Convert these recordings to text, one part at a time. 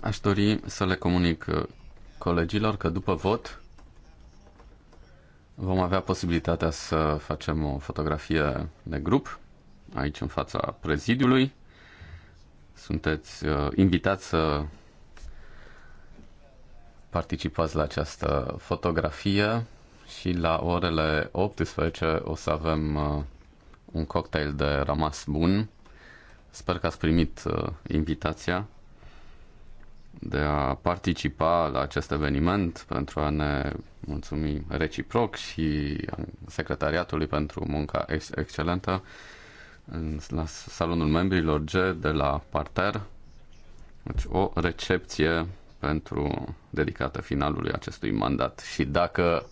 Aș dori să le comunic uh, colegilor că după vot vom avea posibilitatea să facem o fotografie de grup aici în fața prezidiului. Sunteți uh, invitați să participați la această fotografie și la orele 18 o să avem uh, un cocktail de rămas bun Sper că ați primit uh, invitația de a participa la acest eveniment pentru a ne mulțumi reciproc și secretariatului pentru munca ex- excelentă la salonul membrilor G de la parter. Deci o recepție pentru dedicată finalului acestui mandat. Și dacă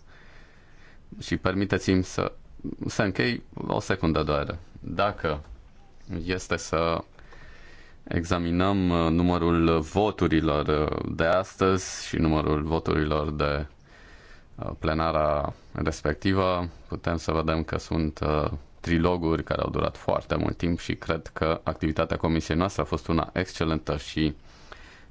și permiteți-mi să, să închei o secundă doar. Dacă este să examinăm uh, numărul voturilor uh, de astăzi și numărul voturilor de uh, plenara respectivă. Putem să vedem că sunt triloguri care au durat foarte mult timp și cred că activitatea comisiei noastre a fost una excelentă și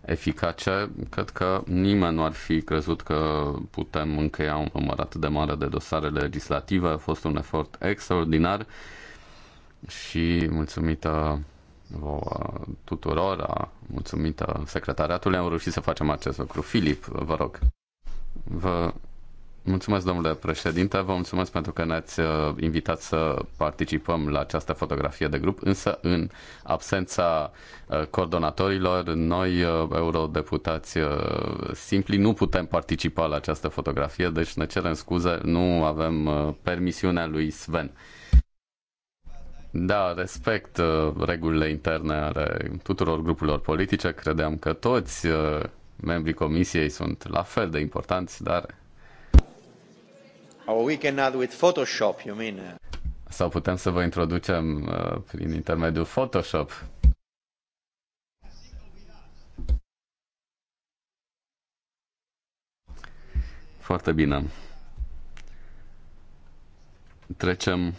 eficace. Cred că nimeni nu ar fi crezut că putem încheia un număr atât de mare de dosare legislative. A fost un efort extraordinar și mulțumită vouă tuturor, mulțumită secretariatului, am reușit să facem acest lucru. Filip, vă rog. Vă mulțumesc, domnule președinte, vă mulțumesc pentru că ne-ați uh, invitat să participăm la această fotografie de grup, însă în absența uh, coordonatorilor, noi, uh, eurodeputați simpli, nu putem participa la această fotografie, deci ne cerem scuze, nu avem permisiunea lui Sven. Da, respect uh, regulile interne ale tuturor grupurilor politice. Credeam că toți uh, membrii comisiei sunt la fel de importanți, dar... Or we can add with Photoshop, you mean? Uh? Sau putem să vă introducem uh, prin intermediul Photoshop. Foarte bine. Trecem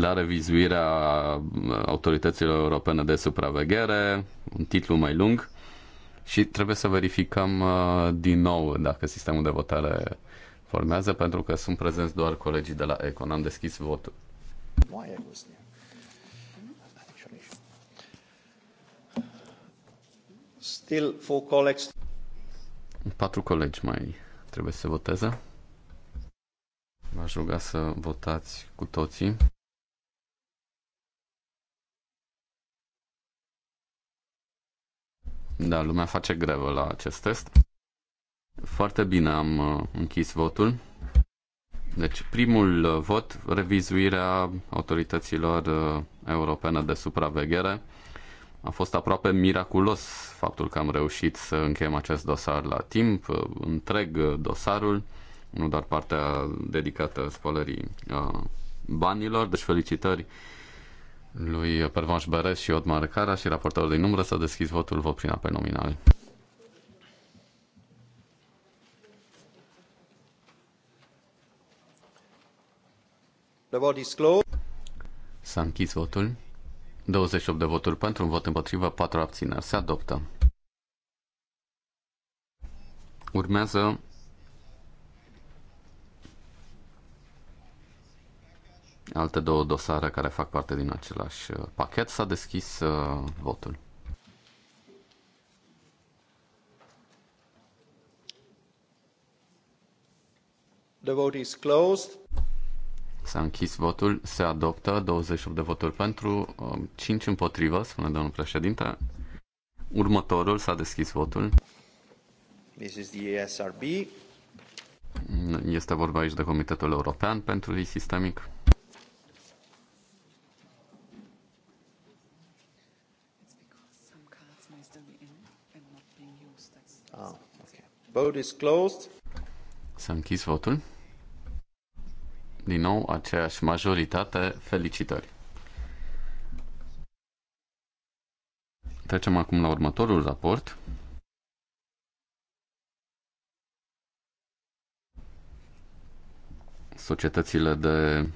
la revizuirea uh, autorităților europene de supraveghere, un titlu mai lung, și trebuie să verificăm uh, din nou dacă sistemul de votare formează, pentru că sunt prezenți doar colegii de la Econ. Am deschis votul. Still four colleagues. Patru colegi mai trebuie să voteze. V-aș ruga să votați cu toții. Da, lumea face grevă la acest test. Foarte bine, am uh, închis votul. Deci, primul uh, vot, revizuirea autorităților uh, europene de supraveghere. A fost aproape miraculos faptul că am reușit să încheiem acest dosar la timp, întreg dosarul, nu doar partea dedicată spălării banilor, deci felicitări lui Pervanș Beres și Otmar Cara și raportorul din numără să deschis votul vot prin apel nominal. The vote is closed. S-a închis votul. 28 de voturi pentru, un vot împotrivă, 4 abțineri. Se adoptă. Urmează alte două dosare care fac parte din același uh, pachet. S-a deschis uh, votul. The vote is closed. S-a închis votul, se adoptă 28 de voturi pentru, 5 um, împotrivă, spune domnul președinte. Următorul s-a deschis votul. This is the ESRB. Este vorba aici de Comitetul European pentru Risc Sistemic. Vote is closed. S-a închis votul. Din nou, aceeași majoritate. Felicitări! Trecem acum la următorul raport. Societățile de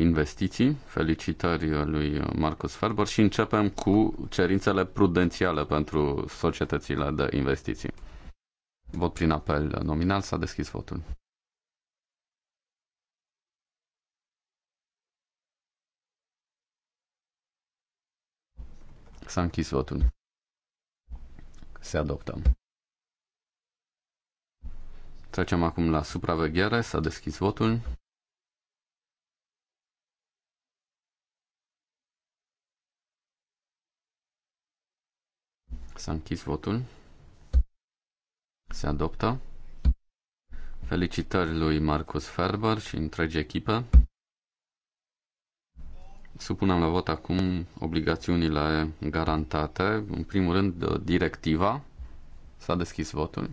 investiții. Felicitări lui Marcus Ferber și începem cu cerințele prudențiale pentru societățile de investiții. Vot prin apel nominal. S-a deschis votul. S-a închis votul. Se adoptă. Trecem acum la supraveghere. S-a deschis votul. S-a închis votul. Se adoptă. Felicitări lui Marcus Ferber și întregi echipă. Supunem la vot acum obligațiunile garantate. În primul rând, uh, directiva. S-a deschis votul.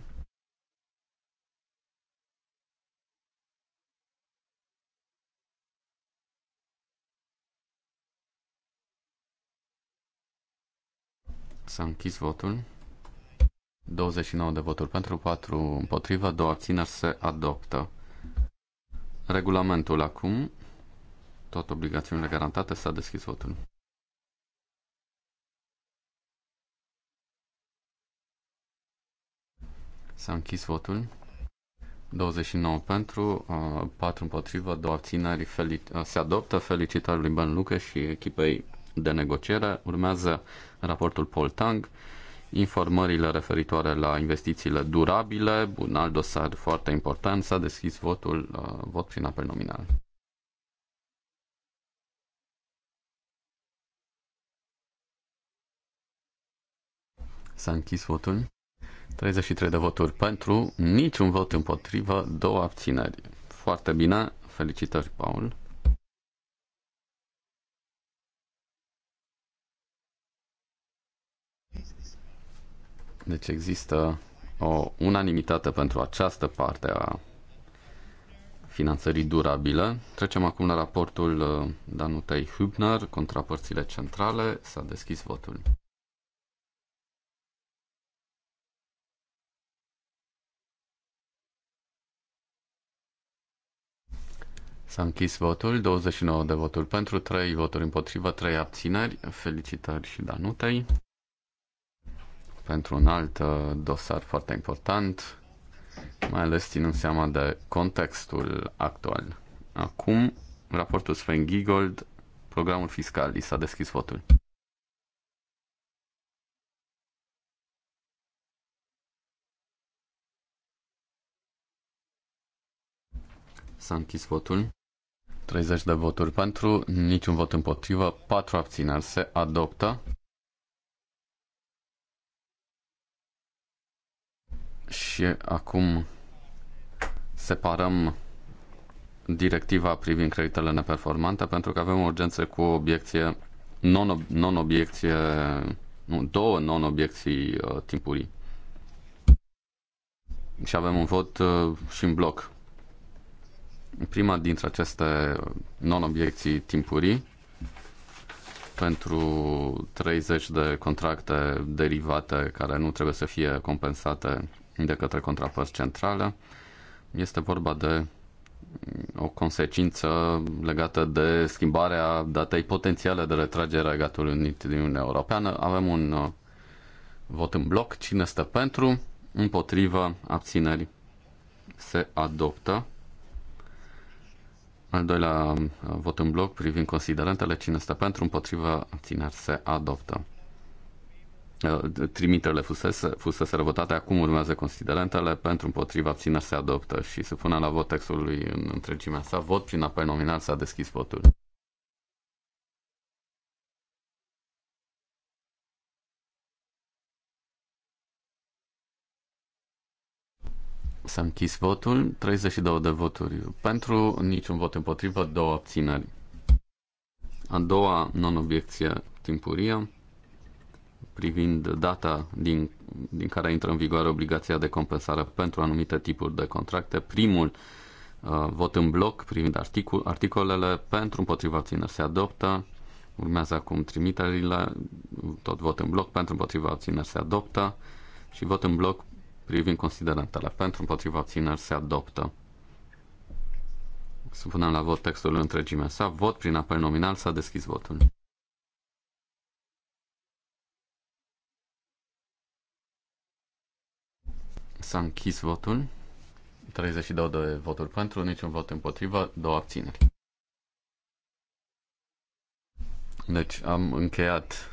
S-a închis votul. 29 de voturi pentru, 4 împotriva, 2 abțineri se adoptă. Regulamentul acum, tot obligațiunile garantate, s-a deschis votul. S-a închis votul. 29 pentru, 4 uh, împotrivă, 2 abțineri uh, se adoptă. Felicitări lui Ben Luca și echipei de negociere. Urmează raportul Paul Tang informările referitoare la investițiile durabile, un alt dosar foarte important, s-a deschis votul, uh, vot prin apel nominal. S-a închis votul. 33 de voturi pentru, niciun vot împotrivă, două abțineri. Foarte bine, felicitări, Paul. Deci există o unanimitate pentru această parte a finanțării durabile. Trecem acum la raportul uh, Danutei Hübner, contrapărțile centrale. S-a deschis votul. S-a închis votul, 29 de voturi pentru, 3 voturi împotrivă, 3 abțineri. Felicitări și Danutei pentru un alt uh, dosar foarte important, mai ales ținând seama de contextul actual. Acum, raportul Sven Giegold, programul fiscal, i s-a deschis votul. S-a închis votul. 30 de voturi pentru, niciun vot împotrivă, 4 abțineri se adoptă. și acum separăm directiva privind creditele neperformante pentru că avem urgențe cu obiecție non-obiecție nu, două non-obiecții uh, timpurii și avem un vot uh, și în bloc prima dintre aceste non-obiecții timpurii pentru 30 de contracte derivate care nu trebuie să fie compensate de către contrapărți centrală. Este vorba de mm, o consecință legată de schimbarea datei potențiale de retragere a gatului Unit din Uniunea Europeană. Avem un uh, vot în bloc. Cine stă pentru? Împotrivă? Abțineri? Se adoptă. Al doilea uh, vot în bloc privind considerentele. Cine stă pentru? Împotrivă? Abțineri? Se adoptă. Uh, trimiterile fusese, fusese votate, acum urmează considerentele, pentru împotriva abțineri se adoptă și se pune la vot textul lui în întregimea sa. Vot prin apel nominal s-a deschis votul. S-a închis votul, 32 de voturi pentru, niciun vot împotrivă, două abțineri. A doua non-obiecție timpurie privind data din, din care intră în vigoare obligația de compensare pentru anumite tipuri de contracte. Primul uh, vot în bloc privind articol, articolele pentru împotriva țineri se adoptă. Urmează acum trimiterile, tot vot în bloc pentru împotriva țineri se adoptă și vot în bloc privind considerentele pentru împotriva țineri se adoptă. Supunem la vot textul în întregime sa. Vot prin apel nominal s-a deschis votul. S-a închis votul. 32 de voturi pentru, niciun vot împotrivă, două abțineri. Deci am încheiat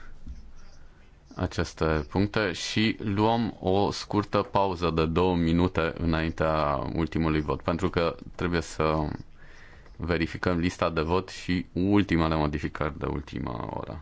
aceste puncte și luăm o scurtă pauză de două minute înaintea ultimului vot, pentru că trebuie să verificăm lista de vot și ultimele modificări de ultima oră.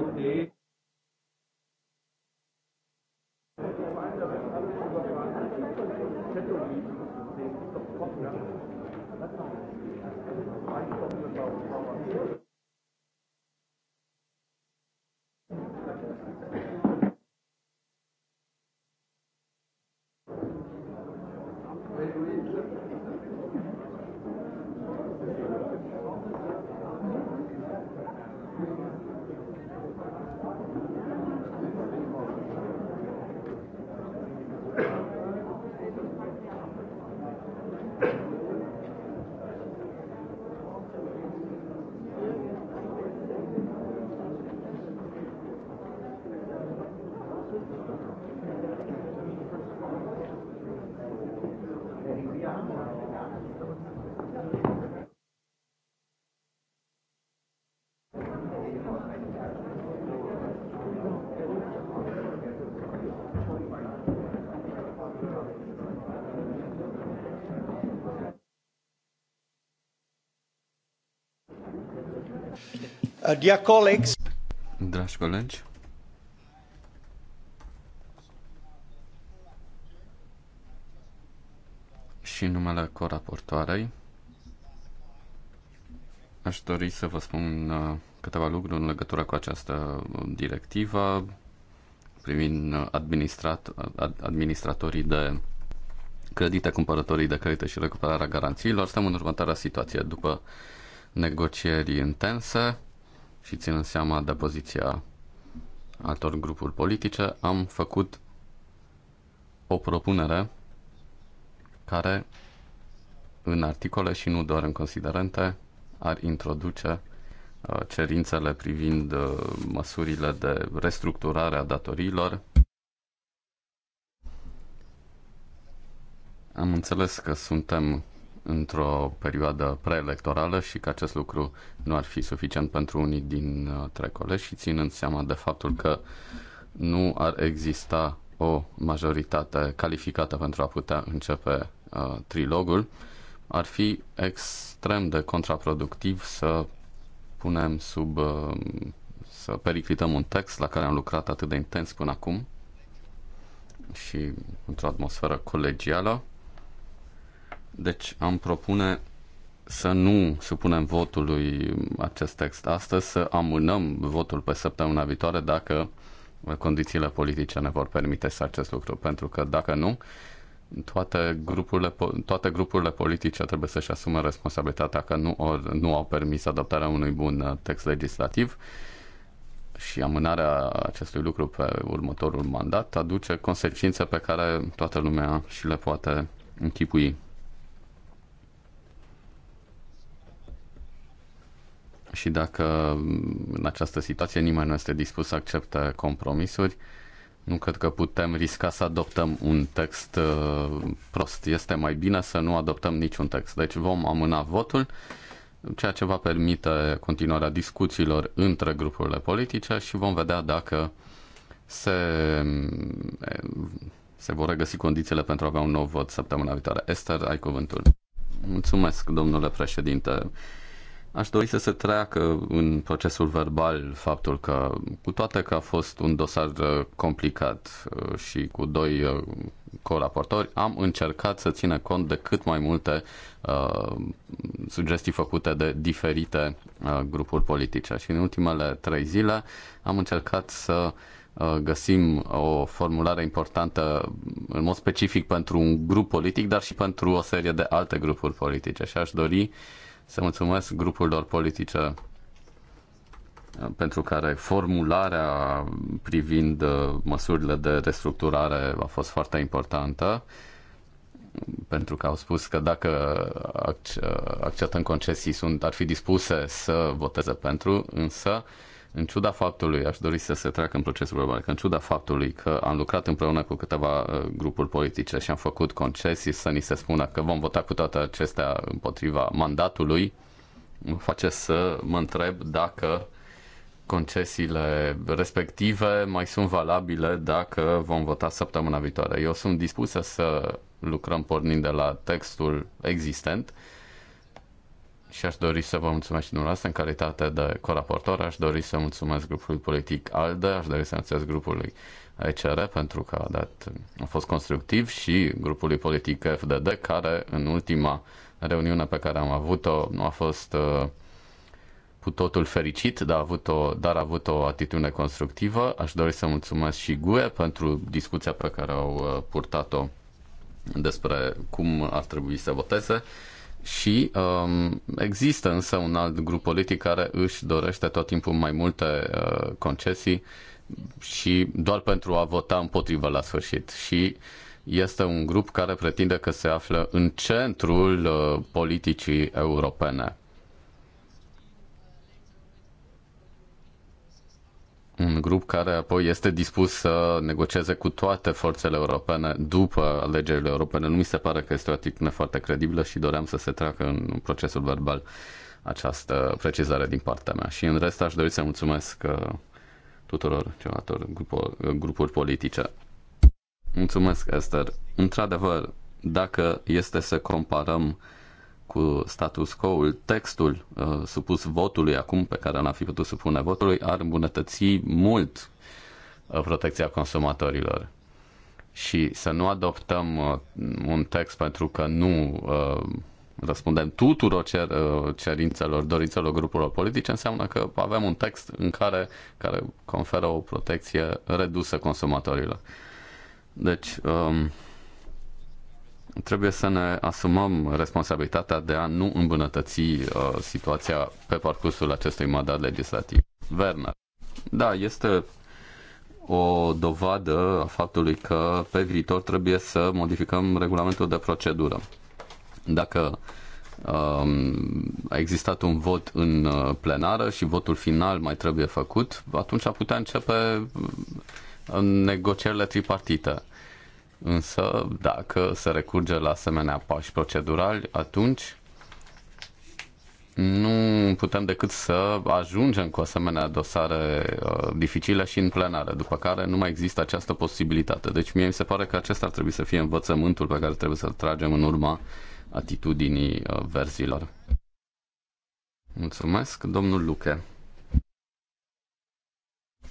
Unde Uh, dear colleagues, Dragi colegi, și numele coraportoarei, Aș dori să vă spun uh, câteva lucruri în legătură cu această uh, directivă privind uh, administrat, administratorii de credite, cumpărătorii de credite și recuperarea garanțiilor. Stăm în următoarea situație. După negocieri intense și ținând seama de poziția altor grupuri politice, am făcut o propunere care în articole și nu doar în considerente ar introduce uh, cerințele privind uh, măsurile de restructurare a datoriilor. Am înțeles că suntem într-o perioadă preelectorală și că acest lucru nu ar fi suficient pentru unii dintre uh, colegi și ținând seama de faptul că nu ar exista o majoritate calificată pentru a putea începe uh, trilogul, ar fi extrem de contraproductiv să punem sub uh, să periclităm un text la care am lucrat atât de intens până acum și într-o atmosferă colegială. Deci am propune să nu supunem votului acest text astăzi, să amânăm votul pe săptămâna viitoare dacă condițiile politice ne vor permite să acest lucru, pentru că dacă nu, toate grupurile, toate grupurile politice trebuie să-și asume responsabilitatea că nu, or, nu au permis adoptarea unui bun uh, text legislativ și amânarea acestui lucru pe următorul mandat aduce consecințe pe care toată lumea și le poate închipui. Și dacă mm, în această situație nimeni nu este dispus să accepte compromisuri, uh, nu cred că putem risca să adoptăm un text uh, prost. Este mai bine să nu adoptăm niciun text. Deci vom amâna votul, ceea ce va permite continuarea discuțiilor între grupurile politice și vom vedea dacă se, se vor regăsi condițiile pentru a avea un nou vot săptămâna viitoare. Esther, ai cuvântul. Mulțumesc, domnule președinte. Aș dori să se treacă în procesul verbal faptul că, cu toate că a fost un dosar uh, complicat uh, și cu doi uh, coraportori, am încercat să țină cont de cât mai multe uh, sugestii făcute de diferite uh, grupuri politice. Și în ultimele trei zile am încercat să găsim o formulare importantă în mod specific pentru un grup politic, dar și pentru o serie de alte grupuri politice. Și aș dori să mulțumesc grupurilor politice uh, pentru care formularea privind uh, măsurile de restructurare a fost foarte importantă, pentru că au spus că dacă uh, acceptăm concesii sunt, ar fi dispuse să voteze pentru, însă în ciuda faptului, aș dori să se treacă în procesul verbal, că în ciuda faptului că am lucrat împreună cu câteva uh, grupuri politice și am făcut concesii să ni se spună că vom vota cu toate acestea împotriva mandatului, mă face să mă întreb dacă concesiile respective mai sunt valabile dacă vom vota săptămâna viitoare. Eu sunt dispusă să lucrăm pornind de la textul existent, și aș dori să vă mulțumesc și dumneavoastră în calitate de colaborator. aș dori să mulțumesc grupului politic ALDE, aș dori să mulțumesc grupului ECR pentru că a, dat, a fost constructiv și grupului politic FDD care în ultima reuniune pe care am avut-o nu a fost uh, cu totul fericit, dar a avut o, dar a avut o atitudine constructivă. Aș dori să mulțumesc și GUE pentru discuția pe care au uh, purtat-o despre cum ar trebui să voteze și um, există însă un alt grup politic care își dorește tot timpul mai multe uh, concesii și doar pentru a vota împotrivă la sfârșit. Și este un grup care pretinde că se află în centrul uh, politicii europene. un grup care apoi este dispus să negocieze cu toate forțele europene după alegerile europene. Nu mi se pare că este o atitudine foarte credibilă și doream să se treacă în procesul verbal această precizare din partea mea. Și în rest aș dori să mulțumesc uh, tuturor celor uh, grupuri politice. Mulțumesc, Esther. Într-adevăr, dacă este să comparăm cu status quo-ul, textul uh, supus votului acum, pe care n-a fi putut supune votului, ar îmbunătăți mult uh, protecția consumatorilor. Și să nu adoptăm uh, un text pentru că nu uh, răspundem tuturor cer, uh, cerințelor, dorințelor grupurilor politice, înseamnă că avem un text în care, care conferă o protecție redusă consumatorilor. Deci, um, trebuie să ne asumăm responsabilitatea de a nu îmbunătăți uh, situația pe parcursul acestui mandat legislativ. Werner. Da, este o dovadă a faptului că pe viitor trebuie să modificăm regulamentul de procedură. Dacă um, a existat un vot în uh, plenară și votul final mai trebuie făcut, atunci putea începe uh, negocierile tripartite. Însă, dacă se recurge la asemenea pași procedurali, atunci nu putem decât să ajungem cu asemenea dosare uh, dificile și în plenare, după care nu mai există această posibilitate. Deci mie mi se pare că acesta ar trebui să fie învățământul pe care trebuie să-l tragem în urma atitudinii uh, verzilor. Mulțumesc, domnul Luche.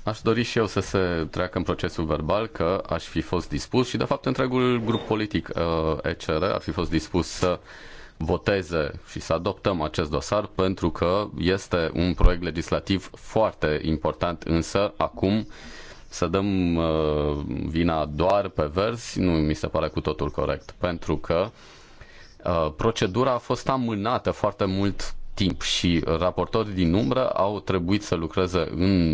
Aș dori și eu să se treacă în procesul verbal că aș fi fost dispus și, de fapt, întregul grup politic uh, ECR ar fi fost dispus să voteze și să adoptăm acest dosar pentru că este un proiect legislativ foarte important, însă acum să dăm uh, vina doar pe verzi nu mi se pare cu totul corect, pentru că uh, procedura a fost amânată foarte mult timp și raportorii din umbră au trebuit să lucreze în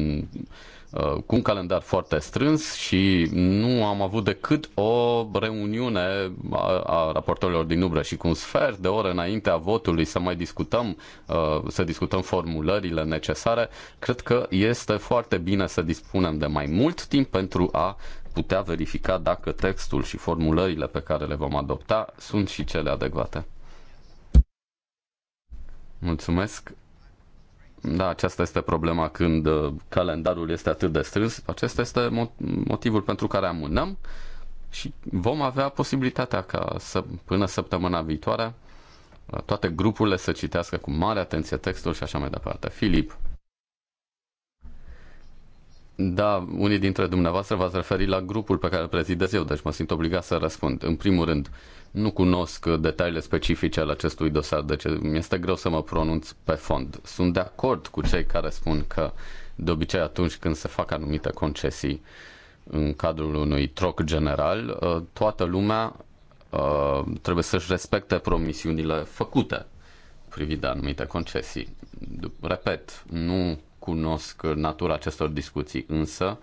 Uh, cu un calendar foarte strâns și nu am avut decât o reuniune a, a raportorilor din Ubră și cu un sfert de oră înaintea votului să mai discutăm, uh, să discutăm formulările necesare, cred că este foarte bine să dispunem de mai mult timp pentru a putea verifica dacă textul și formulările pe care le vom adopta sunt și cele adecvate. Mulțumesc. Da, aceasta este problema când uh, calendarul este atât de strâns. Acesta este motivul pentru care amânăm și vom avea posibilitatea ca să, până săptămâna viitoare uh, toate grupurile să citească cu mare atenție textul și așa mai departe. Filip, da, unii dintre dumneavoastră v-ați referit la grupul pe care îl prezidez eu, deci mă simt obligat să răspund. În primul rând, nu cunosc detaliile specifice ale acestui dosar, deci mi-este greu să mă pronunț pe fond. Sunt de acord cu cei care spun că, de obicei, atunci când se fac anumite concesii în cadrul unui troc general, ă, toată lumea ă, trebuie să-și respecte promisiunile făcute privind anumite concesii. Repet, nu cunosc natura acestor discuții, însă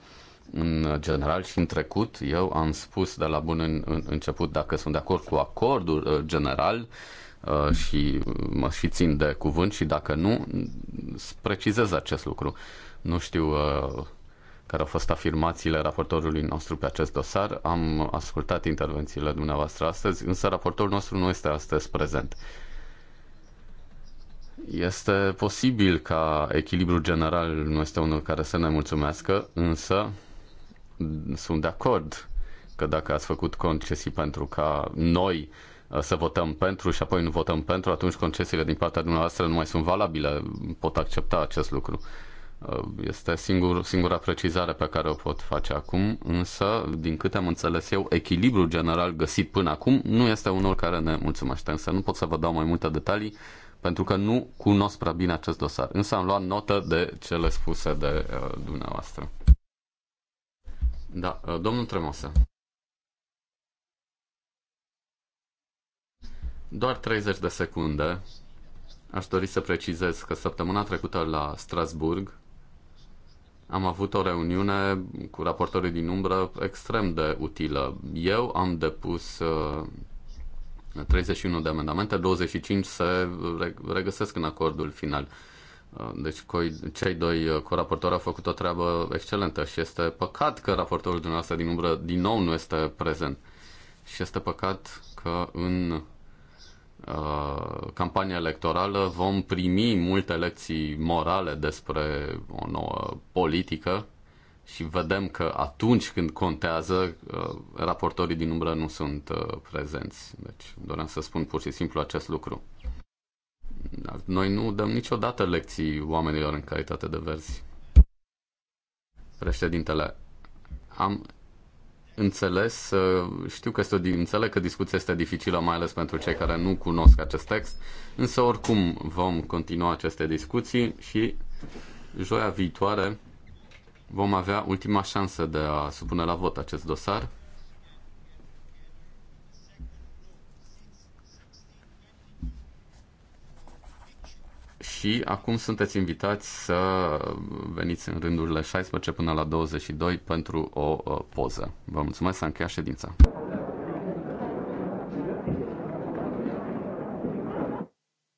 în general și în trecut eu am spus de la bun în, în, început dacă sunt de acord cu acordul uh, general uh, și uh, mă și țin de cuvânt și dacă nu, precizez acest lucru. Nu știu care au fost afirmațiile raportorului nostru pe acest dosar. Am ascultat intervențiile dumneavoastră astăzi, însă raportorul nostru nu este astăzi prezent. Este posibil ca echilibrul general nu este unul care să ne mulțumească, însă sunt de acord că dacă ați făcut concesii pentru ca noi uh, să votăm pentru și apoi nu votăm pentru, atunci concesiile din partea dumneavoastră nu mai sunt valabile. Pot accepta acest lucru. Uh, este singur, singura precizare pe care o pot face acum, însă, din câte am înțeles eu, echilibrul general găsit până acum nu este unul care ne mulțumește, însă nu pot să vă dau mai multe detalii pentru că nu cunosc prea bine acest dosar. Însă am luat notă de cele spuse de uh, dumneavoastră. Da, uh, domnul Tremosa. Doar 30 de secunde. Aș dori să precizez că săptămâna trecută la Strasburg am avut o reuniune cu raportorii din umbră extrem de utilă. Eu am depus uh, 31 de amendamente, 25 se regăsesc în acordul final. Uh, deci cei doi uh, coraportori au făcut o treabă excelentă și este păcat că raportorul dumneavoastră din umbră din nou nu este prezent. Și este păcat că în uh, campania electorală vom primi multe lecții morale despre o nouă politică și vedem că atunci când contează, uh, raportorii din umbră nu sunt uh, prezenți. Deci doream să spun pur și simplu acest lucru. Dar noi nu dăm niciodată lecții oamenilor în calitate de verzi. Președintele, am înțeles, uh, știu că este o, înțeleg că discuția este dificilă, mai ales pentru cei care nu cunosc acest text, însă oricum vom continua aceste discuții și joia viitoare vom avea ultima șansă de a supune la vot acest dosar. Și acum sunteți invitați să veniți în rândurile 16 până la 22 pentru o uh, poză. Vă mulțumesc, să a încheiat ședința.